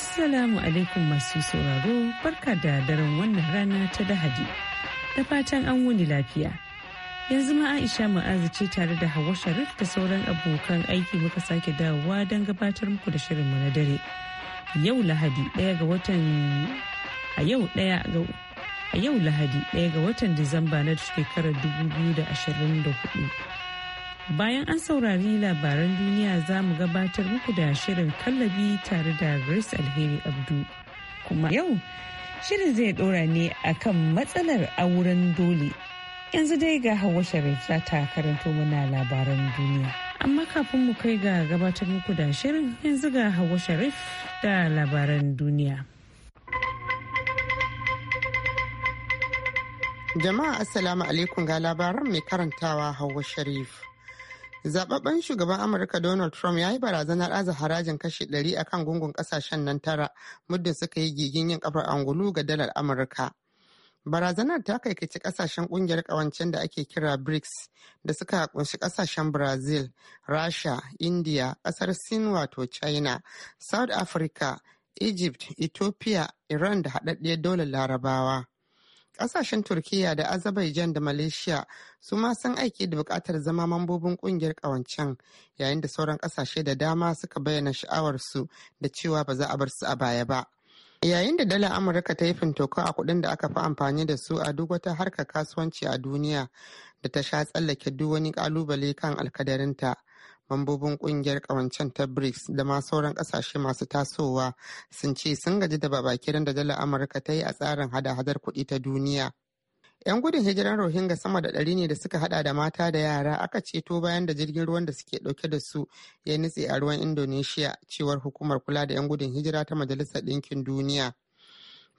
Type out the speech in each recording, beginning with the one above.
Assalamu alaikum masu sauraro barka da daren wannan rana ta Lahadi. Da fatan an wuni lafiya. Yanzu ma Aisha Ma'azu ce tare da Hawwa Sharif da sauran abokan aiki muka sake dawowa don gabatar muku da shirinmu na dare. Yau Lahadi ɗaya ga watan a yau ɗaya ga a yau Lahadi ɗaya ga watan Disamba na shekarar 2024. Bayan an saurari labaran duniya za mu gabatar muku da shirin kallabi tare da Grace Alheri Abdu. Kuma yau shirin zai dora ne akan matsalar auren dole. Yanzu dai ga hawa Sharif za ta karanto mana labaran duniya. Amma kafin mu kai ga gabatar muku da shirin yanzu ga hawa Sharif da labaran duniya. Jama'a Assalamu alaikum ga labaran mai karantawa Hauwa Sharif. Zababben shugaban Amurka Donald Trump ya yi barazanar aza harajin kashi ɗari a kan gungun ƙasashen nan tara muddin suka yi gigin yin kafar angulu ga dalar Amurka. Barazanar ta kaikaci ƙasashen ƙungiyar ƙawancen da ake kira BRICS da suka kunshi ƙasashen Brazil, Rasha, India, ƙasar Sin wato China, South Africa, Egypt, Ethiopia, Iran da haɗaɗɗiyar daular Larabawa. kasashen Turkiyya da Azerbaijan da Malaysia su ma sun aiki da bukatar zama mambobin kungiyar ƙawancen yayin da sauran kasashe da dama suka bayyana sha'awarsu da cewa ba za a bar su a baya ba. Yayin da dala Amurka ta yi fintoko a kudin da aka fi amfani da su a duk wata harkar kasuwanci a duniya da ta sha tsallake duk wani kalubale kan alkadarinta. Mambobin kungiyar kawancen ta BRICS da ma sauran kasashe masu tasowa sun ce sun gaji da babakiran da dala Amurka ta yi a tsarin hada-hadar kuɗi ta duniya. 'Yan gudun hijiran Rohingya sama da ɗari ne da suka hada da mata da yara aka ceto bayan da jirgin ruwan da suke ɗauke da su ya nutse a ruwan Indonesia cewar hukumar kula da 'yan gudun hijira ta Majalisar Ɗinkin Duniya.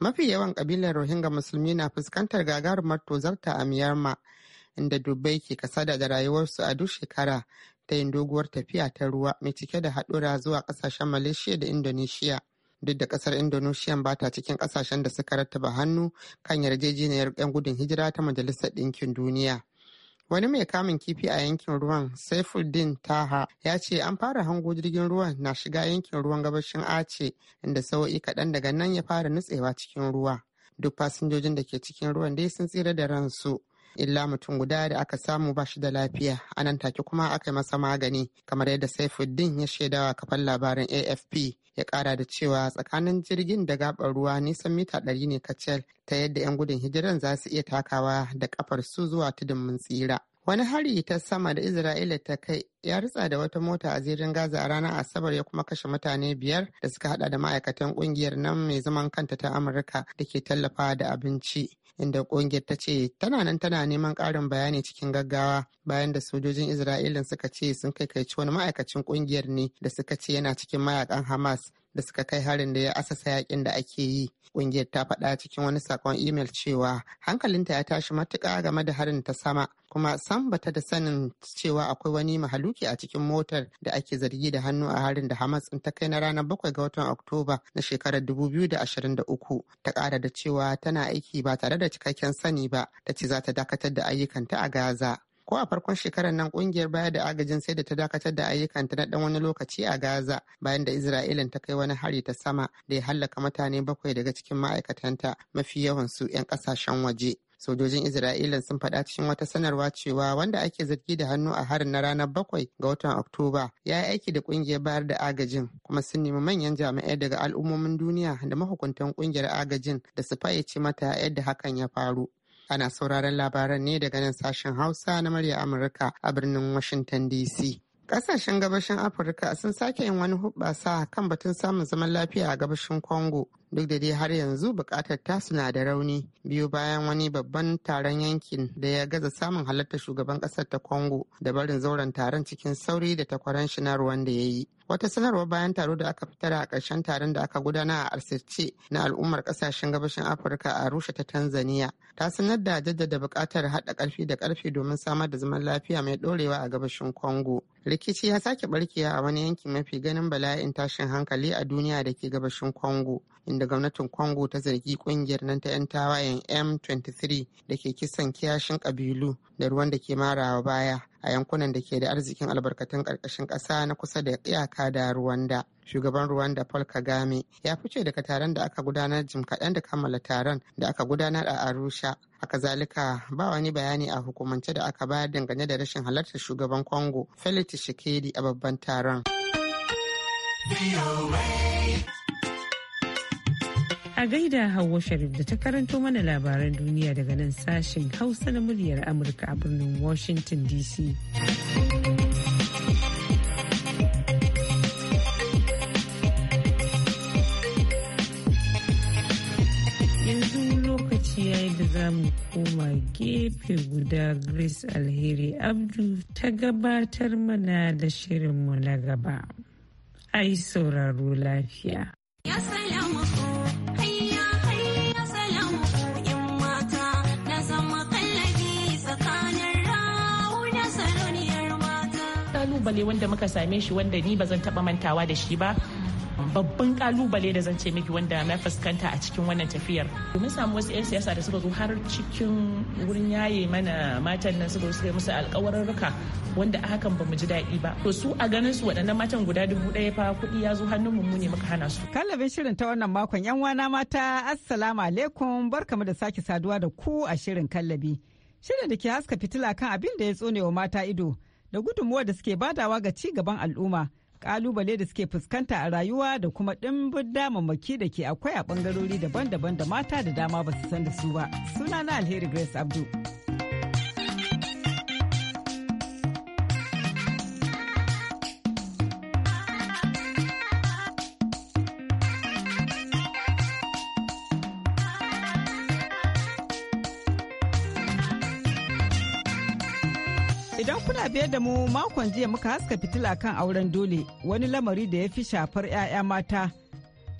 Mafi yawan ƙabilar Rohingya musulmi na fuskantar gagarumar tozarta a Myanmar. inda Dubai ke kasada da rayuwarsu a duk shekara yin doguwar tafiya ta ruwa mai cike da haɗura zuwa ƙasashen Malaysia da Indonesia. Duk da ƙasar Indonesia ba ta cikin ƙasashen da suka rattaba hannu kan yarjejeniyar 'yan gudun hijira ta Majalisar Ɗinkin Duniya. Wani mai kamun kifi a yankin ruwan Saifuddin Taha ya ce an fara hango jirgin ruwan na shiga yankin ruwan gabashin Ace inda sawo'i kaɗan daga nan ya fara nutsewa cikin ruwa. Duk fasinjojin da ke cikin ruwan dai sun tsira da ransu. illa mutum guda da aka samu ba shi da lafiya a nan take kuma aka yi masa magani kamar yadda saifuddin ya shaidawa kafan labarin afp ya kara da cewa tsakanin jirgin da gabar ruwa nisan mita ɗari ne kacal ta yadda 'yan gudun hijiran za su iya takawa da kafar su zuwa tudun mun tsira Wani hari ta sama da Isra'ila ta kai ya ritsa da wata mota a zirin Gaza a ranar Asabar ya kuma kashe mutane biyar da suka hada da ma'aikatan kungiyar nan mai zaman kanta ta Amurka da ke tallafa da abinci. Inda kungiyar ta ce tana nan tana neman karin bayani cikin gaggawa bayan da sojojin Isra'ila suka ce sun kai wani ma'aikacin kungiyar ne da suka ce yana cikin mayakan Hamas da suka kai harin da ya asasa yakin da ake yi ƙungiyar ta faɗa cikin wani sakon imel cewa hankalinta ya tashi matuƙa game da harin ta sama kuma san bata da sanin cewa akwai wani mahaluki a cikin motar da ake zargi da hannu a harin da hamas in ta kai na ranar bakwai ga watan oktoba na shekarar dubu biyu da da uku. ta ƙara da cewa tana aiki ba tare da cikakken sani ba ta ce za ta dakatar da ayyukanta a gaza ko a farkon shekarar nan kungiyar bayar da agajin sai da ta dakatar da ayyukanta na dan wani lokaci a Gaza bayan da Isra'ilan ta kai wani hari ta sama da ya hallaka mutane bakwai daga cikin ma'aikatanta mafi yawan su 'yan kasashen waje. sojojin isra'ila sun faɗa cikin wata sanarwa cewa wanda ake zargi da hannu a harin na ranar bakwai ga watan oktoba ya yi aiki da ƙungiyar bayar da agajin kuma sun nemi manyan jami'ai daga al'ummomin duniya da mahukuntan ƙungiyar agajin da su fayyace mata yadda hakan ya faru Ana sauraron labaran ne daga nan sashen Hausa na murya Amurka a birnin Washington DC. Ƙasashen gabashin Afirka sun sake yin wani hubbasa kan batun samun zaman lafiya a gabashin Congo duk da dai har yanzu bukatar tasu na da rauni biyu bayan wani babban taron yankin da ya gaza samun halartar shugaban ƙasar ta Congo da barin zauren taron cikin sauri da takwaran shi na da ya yi. wata sanarwa bayan taro da aka fitar a ƙarshen taron da aka gudana a arsirce na al'ummar ƙasashen gabashin afirka a rusha ta tanzania ta sanar da jaddada buƙatar haɗa ƙarfi da ƙarfi domin samar da zaman lafiya mai ɗorewa a gabashin congo rikici ya sake barkewa a wani yanki mafi ganin bala'in tashin hankali a duniya da ke gabashin congo inda gwamnatin congo ta zargi ƙungiyar nan ta 'yan tawayen m23 da ke kisan kiyashin ƙabilu da ruwan da ke marawa baya a yankunan da ke da arzikin albarkatun ƙarƙashin ƙasa na kusa da iyaka da ruwanda, Shugaban Rwanda Paul Kagame ya fice daga taron da aka gudanar jim kaɗan da kammala taron da aka gudanar a Arusha. a Kazalika. ba wani bayani a hukumance da aka bayar dangane da rashin halartar shugaban Kongo, Felix shekedi a babban taron. A gaida Hauwa Sharif da ta karanto mana labaran duniya daga nan sashen Hausa na muryar Amurka a birnin Washington DC. Yanzu lokaci yayi da za koma gefe guda Grace Alheri Abdu ta gabatar mana da shirinmu na gaba. Ai sauraro lafiya. Ya kalubale wanda muka same shi wanda ni ba zan taba mantawa da shi ba babban kalubale da zan ce miki wanda na fuskanta a cikin wannan tafiyar domin samu wasu 'yan siyasa da suka zo har cikin wurin yaye mana matan nan suka suka musu ruka wanda a hakan bamu ji daɗi ba to su a ganin su waɗannan matan guda dubu ɗaya fa kuɗi ya zo hannun mu ne muka hana su kallabin shirin ta wannan makon yan wana mata assalamu alaikum barkamu da sake saduwa da ku a shirin kallabi shirin da ke haska fitila kan abin da ya wa mata ido da gudunmuwa da suke badawa ga ci gaban al'umma kalubale da suke fuskanta a rayuwa da kuma dimbin damammaki da ke akwai a ɓangarori daban-daban da mata da dama ba su san da su ba sunana alheri grace abdu biye da mu makon jiya muka haska fitila kan auren dole wani lamari da ya fi shafar 'ya'ya mata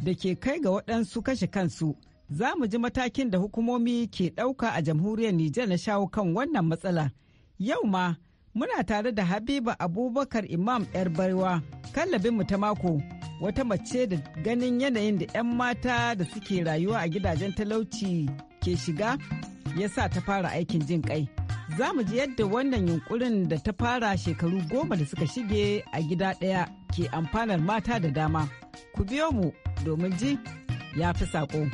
da ke kai ga waɗansu kashe kansu. Za mu ji matakin da hukumomi ke ɗauka a jamhuriyar Nijar na shawo kan wannan matsala. Yau ma muna tare da Habiba Abubakar Imam 'yar barwa kallabin kallabinmu ta mako wata mace da ganin yanayin da 'yan mata da suke rayuwa a gidajen talauci ke shiga ya sa ta fara aikin jin kai za mu ji yadda wannan yunkurin da ta fara shekaru goma da suka shige a gida ɗaya ke amfanar mata da dama. Ku biyo mu domin ji ya fi saƙo.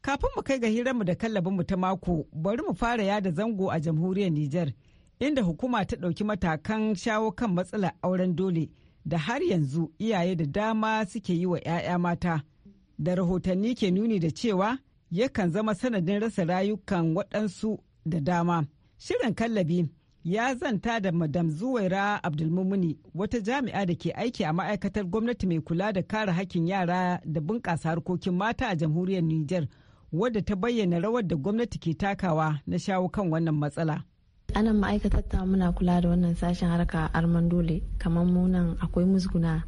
Kafin mu kai ga hiranmu da kallabinmu ta mako, bari mu fara yada zango a jamhuriyar Nijar. inda hukuma ta ɗauki matakan shawo kan matsalar auren dole da har yanzu iyaye da dama suke yi wa 'ya'ya mata da rahotanni ke nuni da cewa yakan zama sanadin rasa rayukan waɗansu da dama shirin kallabi ya zanta da madam zuwaira abdulmumuni wata jami'a da ke aiki a ma'aikatar gwamnati mai kula da kare hakkin yara da bunƙasa harkokin mata a jamhuriyar niger wadda ta bayyana rawar da gwamnati ke takawa na shawo kan wannan matsala anan ma'aikatar ta muna kula da wannan sashen harka arman dole kamar munan akwai musguna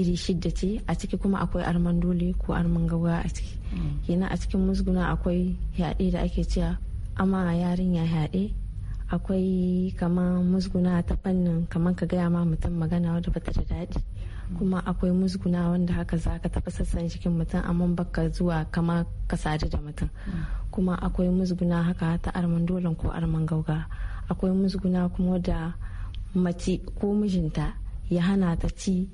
iri shidda ce a ciki kuma akwai arman dole ko arman gawa a ciki mm. kenan a cikin musguna akwai yaɗe da ake cewa ama yarinya yaɗe akwai kamar musguna ta fannin kamar ka gaya ma mutum magana wadda bata da daɗi kuma akwai musguna wanda haka za ka taɓa sassan jikin mutum amma baka zuwa kama ka sadu da mutum kuma akwai musguna haka ta arman dolan ko arman gauga akwai musguna kuma da mace ko mijinta ya hana ta ci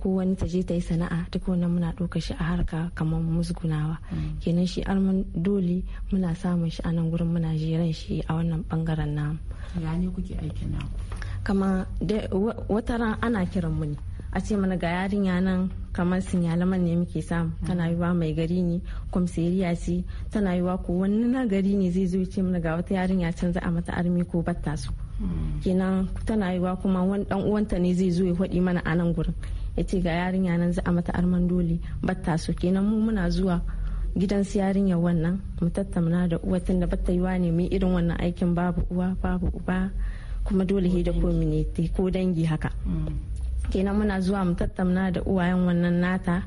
ko wani ta je ta yi sana'a duk wannan muna ɗauka shi a harka kamar musgunawa kenan shi arman dole muna samun shi a nan gurin muna jeran shi a wannan bangaren namu ya ne kuke aikin na? kama wata ran ana kiran mu ne a ce mana ga yarinya nan kamar sinyalaman ne muke samu tana mm. yi wa mai gari ne kwamsiriya ce tana yi wa ko wani na gari ne zai zo ce mana ga wata yarinya can za a mata armi ko batta su mm. kenan tana yi wa kuma wani dan uwanta ne zai zo ya faɗi mana a nan gurin ya ce ga yarinya nan za a mata arman dole batta su kenan mu muna zuwa gidan su yarinya wannan mu tattauna da uwa tunda batta wa ne mu irin wannan aikin babu uwa babu uba kuma dole hida ko ko dangi haka mm. kenan muna zuwa mu tattauna da uwayen wannan nata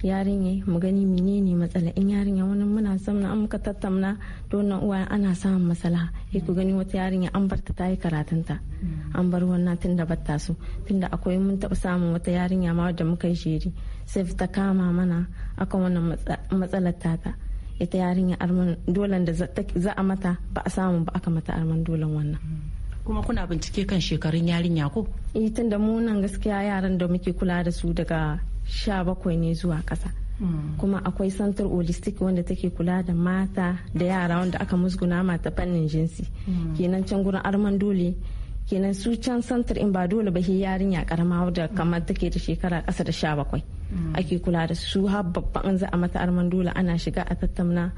yarinya mu gani menene matsala in yarinya wani muna samun an muka tattauna don uwayen ana samun matsala ya ku gani wata yarinya an barta ta yi karatunta an bar wannan tun da batta su tun da akwai mun taɓa samun wata yarinya ma wadda muka yi shiri sai ta kama mana akan wannan matsalar ta ita yarinya arman dolan da za a mata ba a samu ba aka mata arman dolan wannan kuma kuna bincike kan shekarun yarinya ko eh tunda mu nan gaskiya yaran da muke kula da su daga sha bakwai ne zuwa kasa. Hmm. kuma akwai santar holistic wanda take kula da mata da yara wanda aka musguna mata fannin jinsi hmm. kenan can gurin arman dole kenan su can santar in ba dole ba yarinya karama da kamar take da shekara kasa da sha bakwai Mm. ake kula da su har babban an za mata arman ana shiga a tattauna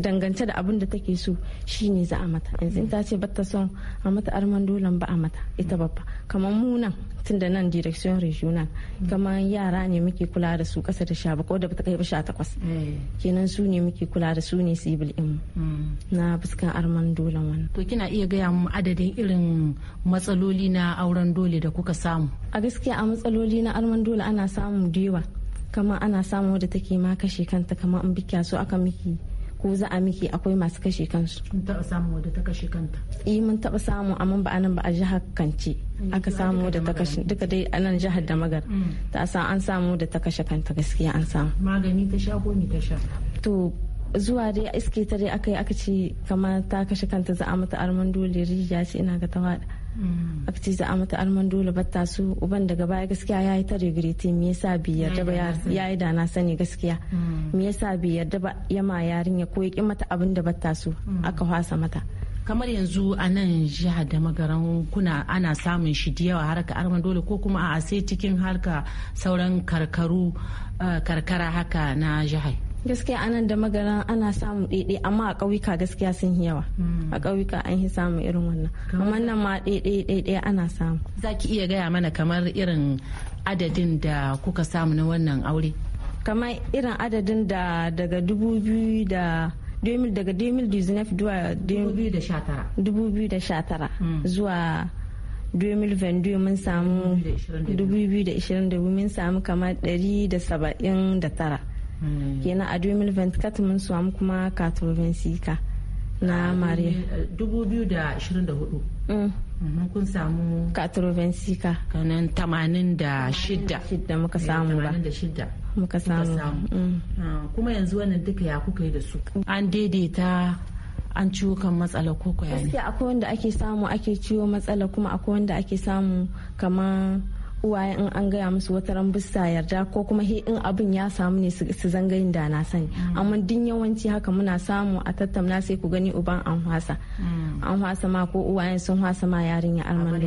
dangance da abin da take so shine za a mata yanzu ta ce bata son a mata arman dole ba a mata ita babba kamar mu nan tun da nan direction regional mm. kamar yara ne muke kula da su kasa da sha bakwai da bata kai ba sha takwas eh. kenan su ne muke kula da su ne civil in mm. na fuskan arman dole wannan to kina iya gaya mu adadin irin matsaloli na auren dole da kuka samu a gaskiya a matsaloli na arman dole ana samun diwa kama ana samun wadda take ma kashe kanta kama an bikya so aka miki ko za a miki akwai masu kashe kansu mun taba samun wadda ta kashe kanta eh mun taba samu amma ba anan ba a jihar Kanci mm, aka samu wadda ta kashe duka dai a nan jihar da magar mm. ta sa an samu wadda ta kashe kanta gaskiya an samu magani ta sha ko ni ta sha to zuwa dai iske ta dai aka yi aka ce kama ta kashe kanta za a mata arman dole rijiya ce ina ga ta Mm. akci za a mata alman dole batta su uban daga baya gaskiya ya yi ta regreti me yasa bi yarda ba ya yi dana sani gaskiya mm. me yasa bi yarda ba ya ma yarinya ko ya ki mata abin da batta su mm. aka fasa mata kamar yanzu a nan jihar da magaran kuna ana samun shi da yawa harka arman dole ko kuma a sai cikin harka sauran karkaru eh, karkara haka na jihar gaskiya anan da magana ana samun ɗaiɗai amma a ƙauyuka gaskiya sun yi yawa hmm. a ƙauyuka an yi samun irin wannan amma nan ma ɗaiɗai ana samu za ki iya gaya mana kamar irin adadin da kuka samu na wannan aure kamar irin adadin da daga dubu biyu da 2000 daga 2019 hmm. zuwa 2019 zuwa 2022 mun samu 2022 mun samu kamar 179 Hmm. kenan a 2024 mun samu kuma 86 ka na mariya 2024 eh, hmm. kun samu 86 ka kanan 86 da eh, muka samu ba muka samu hmm. ah, kuma yanzu wannan duka ya kuka yi da su an daidaita an ciwo kan matsala koko ya ne akwai wanda ake samu ake ciwo matsala kuma akwai wanda ake samu kamar uwaye in an gaya musu wata ran yarda ko kuma he in abin ya samu ne su zanga yin da na sani mm. amma din yawanci haka muna samu a tattauna sai ku gani uban an hwasa mm. an hwasa ma ko uwayen sun hwasa ma yarinya almando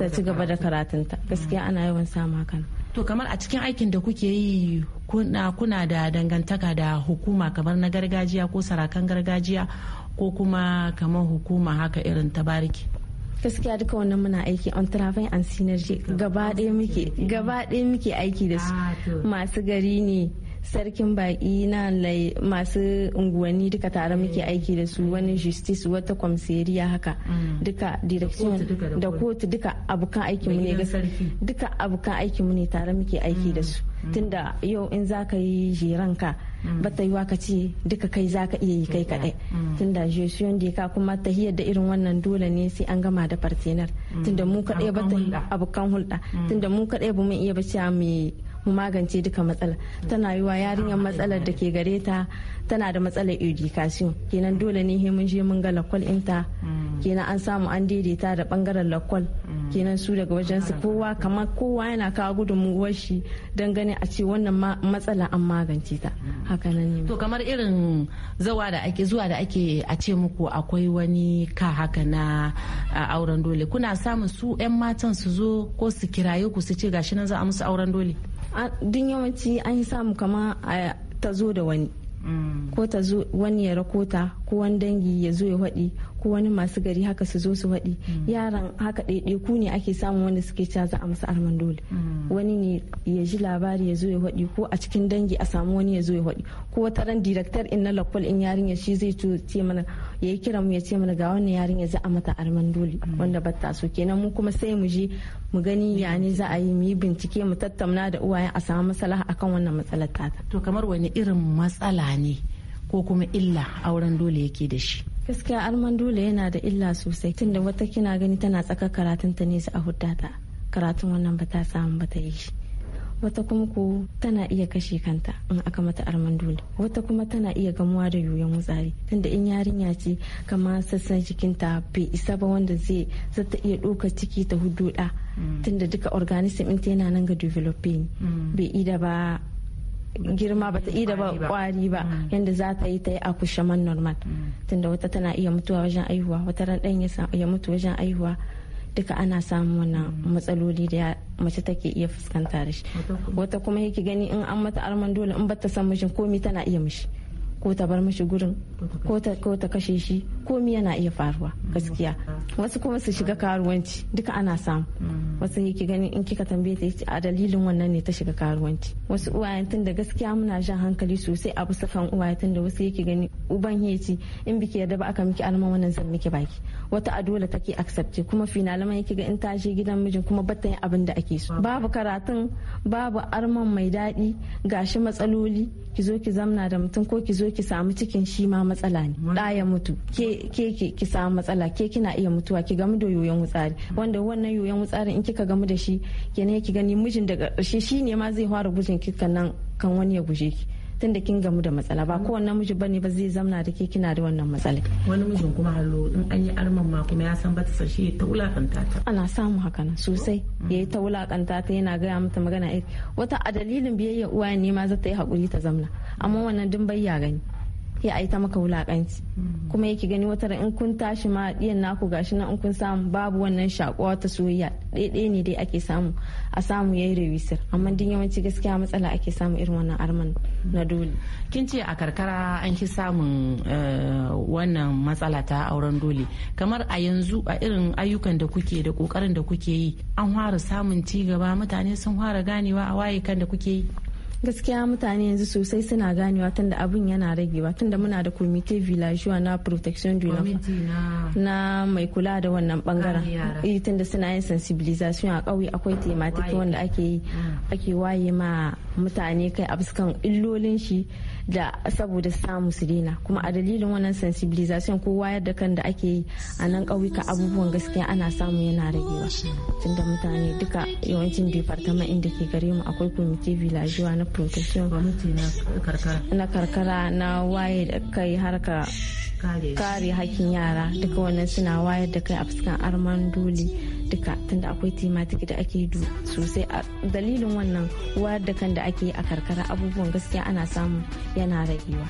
ta ci gaba da karatunta mm. gaskiya ana yawan samu hakan to kamar a cikin aikin da kuke yi kuna kuna da dangantaka da hukuma kamar na gargajiya ko sarakan gargajiya ko kuma kamar hukuma haka irin ta bariki. gaskiya duka wannan muna aiki on travel and synergy gaba ɗaya muke muke aiki da su ah, masu gari ne sarkin baƙi na masu unguwanni duka tare muke eh. aiki da su wani justice wata kwamseriya haka mm. duka direction da kotu duka abokan aikinmu ne duka abokan aikinmu ne tare muke aiki da mm. su Mm. tunda yau in za ka yi jiranka mm. ta yiwa ka ce duka kai za ka iya yi kai kaɗai mm. tunda jesuyon da ka kuma tahiyar da irin wannan dole ne sai an gama da partenar tunda mu kaɗai yi abokan hulɗa tunda mu kaɗai ba mu iya ba cewa mai mu magance duka matsala tana yi wa yarinyar matsalar da ke gare ta tana da matsalar education kenan dole ne he mun je mun ga lakwal inta mm. kenan an samu an daidaita da bangaren lakwal mm. kenan su daga wajen su kowa kamar kowa yana kawo gudunmuwar shi don ganin a ce wannan matsala an magance ta mm. haka nan ne to kamar irin zawa da ake zuwa da ake a ce muku akwai wani ka haka na auren dole kuna samun su 'yan matan su zo ko su kiraye ku su ce gashi nan za a musu auren dole duk yawanci an yi samu kama ta zo da wani mm. ko ta zo wani ya rakota ko wani dangi ya zo ya waɗi ko wani masu gari haka su zo su waɗi mm. yaran haka ku ne ake samun wanda suke caza za a masu armandoli mm. wani ne ya ji labari ya zo ya waɗi ko a cikin dangi a samu wani ya zo ya waɗi ko wata ran director in na lakwal in yarinya shi zai ce mana ya yi kiran mu ya ce mana ga wannan yarinya za a mata arman dole wanda ba so kenan mu kuma sai mu je mu gani ya ne za a yi mu yi bincike mu tattauna da uwayen a samu a akan wannan matsalar ta to kamar wani irin matsala ne ko kuma illa auren dole yake da shi gaskiya arman dole yana da illa sosai tunda wata kina gani tana tsaka karatunta ne su a hudata karatun wannan ba ta samu ba ta yi shi wata kuma ko tana iya kashe kanta in aka mata arman dole wata kuma tana iya gamuwa da yoyon wutsari tunda in yarinya ce kama sassan jikinta bai isa ba wanda zai zata iya ɗauka ciki ta hudu da mm. tunda duka organism ɗinta yana nan ga developing mm. bai ida ba girma bata yi da ba kwari ba mm. yadda za ta yi ta yi akushaman normal tunda wata tana iya mutuwa wajen aihuwa wata ran ɗan ya mutu wajen aihuwa duka ana samun wannan matsaloli da mace take iya fuskanta da shi wata kuma yake gani in an mata arman dole in bata san mishin komi tana iya mishi ko ta bar mishi gurin ko ta kashe shi komi yana iya faruwa gaskiya wasu kuma su shiga karuwanci duka ana samu wasu yake gani in kika tambaye ta a dalilin wannan ne ta shiga karuwanci wasu uwayen tun da gaskiya muna jan hankali sosai a bisa kan uwayen tun da wasu yake gani uban yace in biki yadda ba aka miki alman wannan zan miki baki wata a dole take accepte kuma ya yake ga in ta je gidan mijin kuma batta yin abin da ake so babu karatun babu arman mai daɗi gashi matsaloli ki zo ki zamna da mutum ko ki zo ki samu cikin shi ma matsala ne da ya mutu ke ke ki samu matsala ke kina iya mutuwa ki gamu da yoyon wutsari wanda wannan yoyon wutsari in kika gamu da shi kenan ki gani mijin daga shi ne ma zai fara gujin kikan nan kan wani ya guje ki da kin gamu da matsala ba mm. wannan miji bane ba zai zamna da ke kina da wannan matsala wani mijin kuma hallo in an yi arman ma kuma ya san ba ta sashi ta wulakanta ta ana samu haka nan sosai mm. yayi ta wulakanta ta yana gaya mata magana eh, wata a dalilin biyayya uwa ne ma za ta yi hakuri ta zamna amma wannan din bai ya gani ya aita maka wulakanci kuma yake gani wata in kun tashi ma diyan naku gashi na in kun samu babu wannan shakuwa ta soyayya daidai ne dai ake samu a samu yayi rewisir amma din yawanci gaskiya matsala ake samu irin wannan arman na dole kin ce a karkara an ki samun eh, wannan matsala ta auren dole kamar a yanzu a irin ayyukan da kuke da kokarin da kuke yi an fara samun ci gaba mutane sun fara ganewa a waye kan da kuke yi gaskiya mutane yanzu sosai suna ganewa tunda abin yana ragewa tunda muna da comité villageois na protection du na mai kula da wannan bangaren tun eh, tunda suna yin sensibilisation a kauye akwai tematik wanda mm. ake waye ma mutane kai a illolin shi da saboda samu su daina kuma a dalilin wannan sensibilization ko wayar da kan da ake yi a nan ƙauyuka abubuwan gaskiya ana samu yana ragewa tunda mutane duka yawancin departament inda ke gare mu akwai komite villageois na protection na karkara na waye da kai harka kare hakkin yara duka wannan suna wayar da kai a fuskan arman dole duka tunda akwai tematik da ake du sosai a dalilin wannan wayar da kan da ake a karkara abubuwan gaskiya ana samu yana ragewa.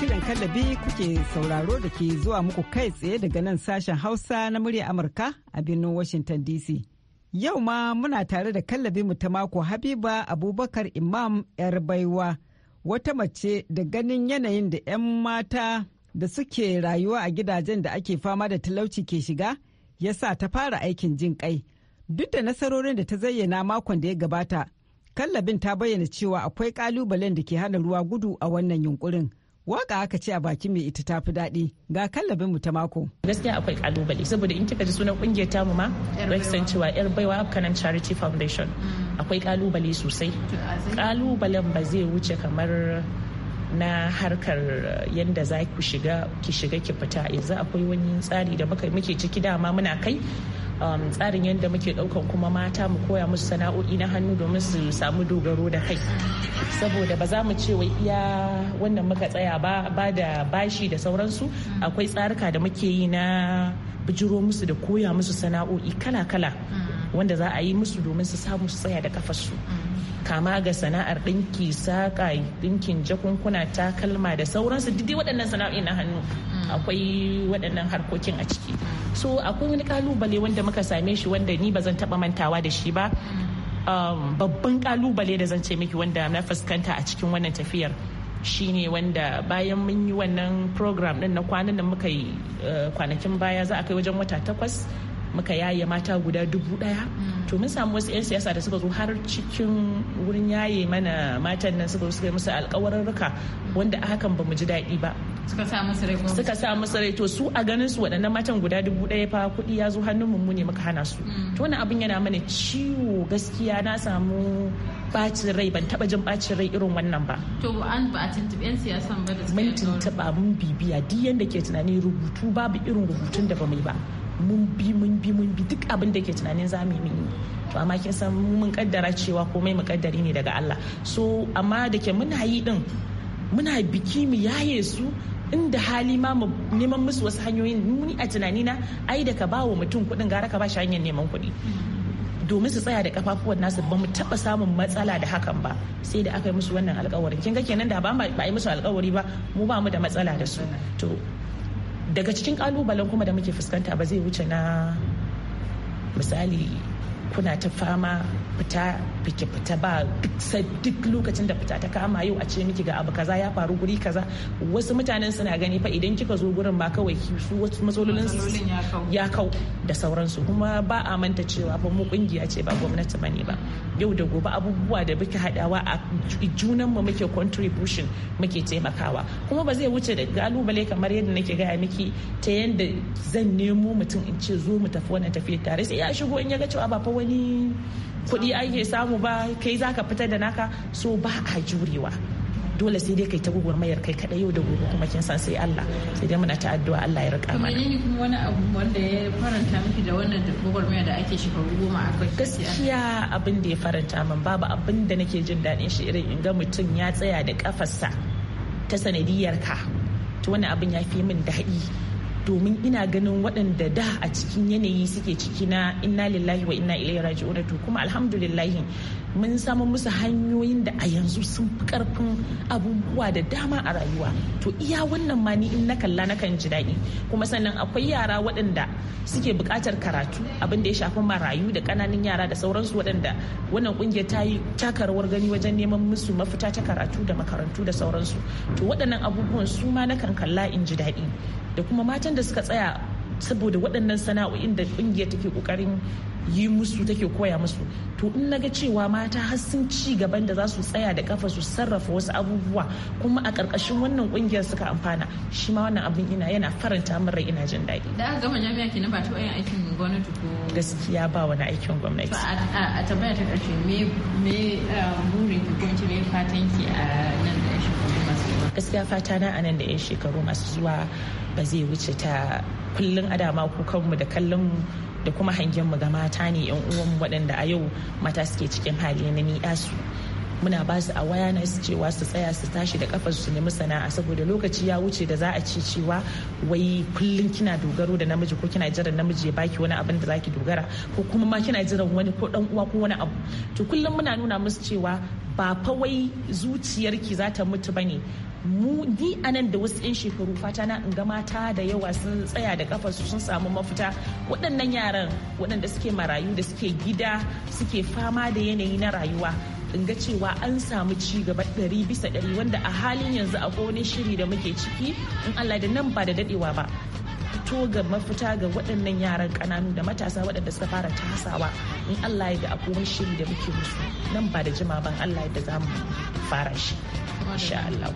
shirin kallabi kuke sauraro da ke zuwa muku kai tsaye daga nan sashen Hausa na murya Amurka a birnin Washington DC. Yau ma muna tare da kallabi mu ta mako Habiba Abubakar Imam 'yar baiwa wata mace da ganin yanayin da 'yan mata da suke rayuwa a gidajen da ake fama da talauci ke shiga ya sa ta fara aikin jin kai. Duk da nasarorin da ta zayyana makon da ya gabata, kallabin ta bayyana cewa akwai kalubalen da ke hana ruwa gudu a wannan yunkurin. Waka aka ce a baki mai ita tafi daɗi ga kallabin mu ta mako. Gaskiya akwai kalubale saboda in kika ji sunan kungiyar tamu ma Rexon cewa yar baiwa Afghanan Charity Foundation mm. akwai kalubale sosai. Kalubalen ba zai wuce kamar na harkar uh, yadda za ku shiga ki shiga ki fita yanzu akwai wani tsari da muke ciki dama muna kai um, tsarin yadda muke daukan kuma mata mu koya musu sana'o'i na hannu domin su samu dogaro da kai saboda ba za mu ce wai iya wannan muka tsaya ba da bashi da sauransu akwai tsarika da muke yi na bijiro musu da koya musu sana'o'i kala-kala mm. wanda za a yi musu domin su samu su tsaya da kafarsu. Mm. kama ga sana'ar ɗinki saƙa ɗinkin jakunkuna takalma da sauransu duk waɗannan sana'o'i na hannu hmm. akwai waɗannan harkokin a ciki so akwai wani kalubale wanda muka same shi wanda ni ba zan taɓa mantawa da shi ba um, babban kalubale da zan ce miki wanda na fuskanta a cikin wannan tafiyar shine wanda bayan mun yi wannan program din na kwanan da muka yi eh, kwanakin baya za a kai wajen wata takwas muka yaye mata guda dubu daya to mun samu wasu 'yan siyasa da suka zo har cikin wurin yaye mana matan nan suka suka musu alkawarurruka wanda a hakan ba mu ji daɗi ba suka sa musu rai suka sa musu rai to su a ganin su waɗannan matan guda dubu daya fa kuɗi ya zo hannun mu ne muka hana su mm. to wannan abin yana mana ciwo gaskiya na samu bacin rai ban taba jin bacin rai irin wannan ba to an ba a tuntuɓi 'yan siyasan ba da mun tuntuɓa mun bibiya duk yanda ke tunani rubutu babu irin rubutun da ba mai ba mun bi mun bi mun bi duk abin da ke tunanin za mu yi to amma kin san mun kaddara cewa komai mu kaddari ne daga Allah so amma da ke muna yi din muna biki mu yaye su inda hali ma mu neman musu wasu hanyoyin muni a tunani na ai da ka ba wa mutum kuɗin gara ka ba shi hanyar neman kuɗi domin su tsaya da kafafuwan nasu ba mu taba samun matsala da hakan ba sai da aka yi musu wannan alkawarin kin ga kenan da ba ba yi musu alkawari ba mu ba mu da matsala da su to daga cikin kalubalen kuma da muke fuskanta ba zai wuce na misali kuna ta fama fita fike fita ba duk lokacin da fita ta kama yau a ce miki ga abu kaza ya faru guri kaza wasu mutanen suna gani fa idan kika zo gurin ba kawai su wasu matsalolin ya kau da sauransu kuma ba a manta cewa ba mu kungiya ce ba gwamnati bane ba yau da gobe abubuwa da muke hadawa a junan mu muke contribution muke taimakawa kuma ba zai wuce da kalubale kamar yadda nake gaya miki ta yanda zan nemo mutum in ce zo mu tafi wannan tafiyar tare sai ya shigo in ya ga cewa ba fa wani kuɗi ake samu ba kai za ka fitar da naka so ba a jurewa dole sai dai kai ta mayar kai kaɗai yau da gobe kuma kin san sai Allah sai dai muna ta addu'a Allah ya rika mana menene kuma wani abu wanda ya faranta miki da wannan mayar da ake shekaru goma a kai gaskiya abin da ya faranta min babu abin da nake jin daɗin shi irin in ga mutum ya tsaya da kafarsa ta sanadiyar ka to wani abin ya fi min daɗi domin ina ganin waɗanda da a cikin yanayi suke ciki na inna lillahi wa inna ilaihi raji'un to kuma alhamdulillahi mun samu musu hanyoyin da a yanzu sun fi karfin abubuwa da dama a rayuwa to iya wannan ma ni in na kalla na kan ji daɗi kuma sannan akwai yara waɗanda suke buƙatar karatu abin da ya shafi marayu da ƙananan yara da sauransu waɗanda wannan ƙungiyar ta yi takarwar gani wajen neman musu mafita ta karatu da makarantu da sauransu to waɗannan abubuwan su ma na kan kalla in ji daɗi da kuma matan da suka tsaya saboda waɗannan sana'o'in da ƙungiyar take ƙoƙarin yi musu take koya musu to in naga cewa mata har sun ci gaban da za su tsaya da kafa su sarrafa wasu abubuwa kuma a ƙarƙashin wannan ƙungiyar suka amfana shi ma wannan abin ina yana faranta min rai ina jin daɗi da aka gama jami'a kenan ba ta yin aikin gwamnati ko gaskiya ba wani aikin gwamnati a tambaya ta ƙarshe me me burin ki ko me fatan ki a nan da shekaru masu gaskiya fata na a nan da 'yan shekaru masu zuwa ba zai wuce ta kullum adama kanmu da kallon da kuma hangen mu ga mata ne yan uwan waɗanda a yau mata suke cikin hali na niyasu. su muna ba su awareness cewa su tsaya su tashi da kafar su nemi sana'a saboda lokaci ya wuce da za a ci cewa wai kullum kina dogaro da namiji ko kina jiran namiji ya baki wani abin da zaki dogara ko kuma ma kina jiran wani ko dan uwa ko wani abu to kullum muna nuna musu cewa ba fa wai zuciyarki za ta mutu bane mu ni a nan da wasu 'yan shekaru fata na in ga mata da yawa sun tsaya da kafarsu sun samu mafita waɗannan yaran waɗanda suke marayu da suke gida suke fama da yanayi na rayuwa in ga cewa an samu ci gaba ɗari bisa ɗari wanda a halin yanzu a wani shiri da muke ciki in Allah da nan ba da daɗewa ba to ga mafita ga waɗannan yaran ƙananu da matasa waɗanda suka fara tasawa in Allah ya da akwai shiri da muke musu nan ba da jima ban Allah ya da za mu fara shi. insha Allah.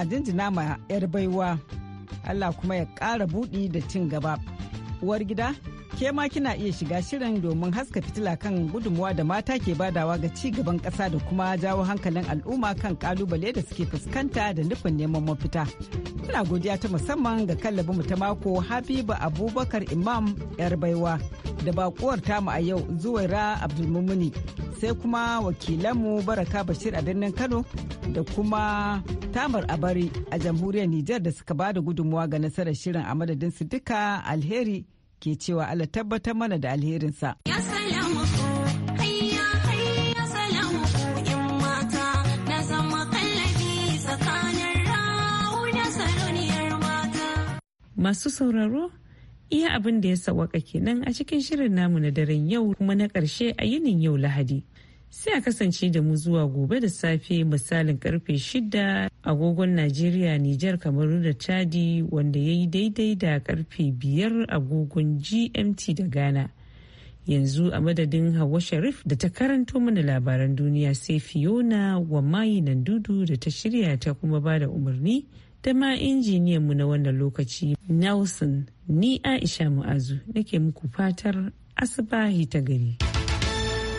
muna jinjina ma 'yar baiwa Allah kuma ya ƙara buɗi da cin gaba. Uwar gida, ke ma kina iya shiga shirin domin haska fitila kan gudunmuwa da mata ke badawa ga ci gaban ƙasa da kuma jawo hankalin al'umma kan kalubale da suke fuskanta da nufin neman mafita. Muna godiya ta musamman ga kallabi mu ta mako Habiba Abubakar Imam yar baiwa da bakuwar tamu a yau Zuwaira Abdulmumuni sai kuma wakilanmu Baraka Bashir a birnin Kano da kuma Tamar Abari a jamhuriyar Nijar da suka bada gudunmuwa ga nasarar shirin a madadin su duka alheri. ke cewa Allah tabbatar mana da alherinsa. Masu sauraro, iya abin da ya sawaka kenan a cikin shirin namu na daren yau kuma na ƙarshe a yinin yau Lahadi. sai a kasance da mu zuwa gobe da safe misalin karfe shida agogon najeriya nijar kamaru da chadi wanda ya yi daidai da karfe biyar agogon gmt da ghana yanzu a madadin hawa sharif da ta karanto mana labaran duniya sai fiona wa mayi nan dudu da ta shirya ta kuma ba da umarni da ma injiniyan mu na wannan lokaci nelson ni aisha mu'azu nake muku fatar asibahi ta gari.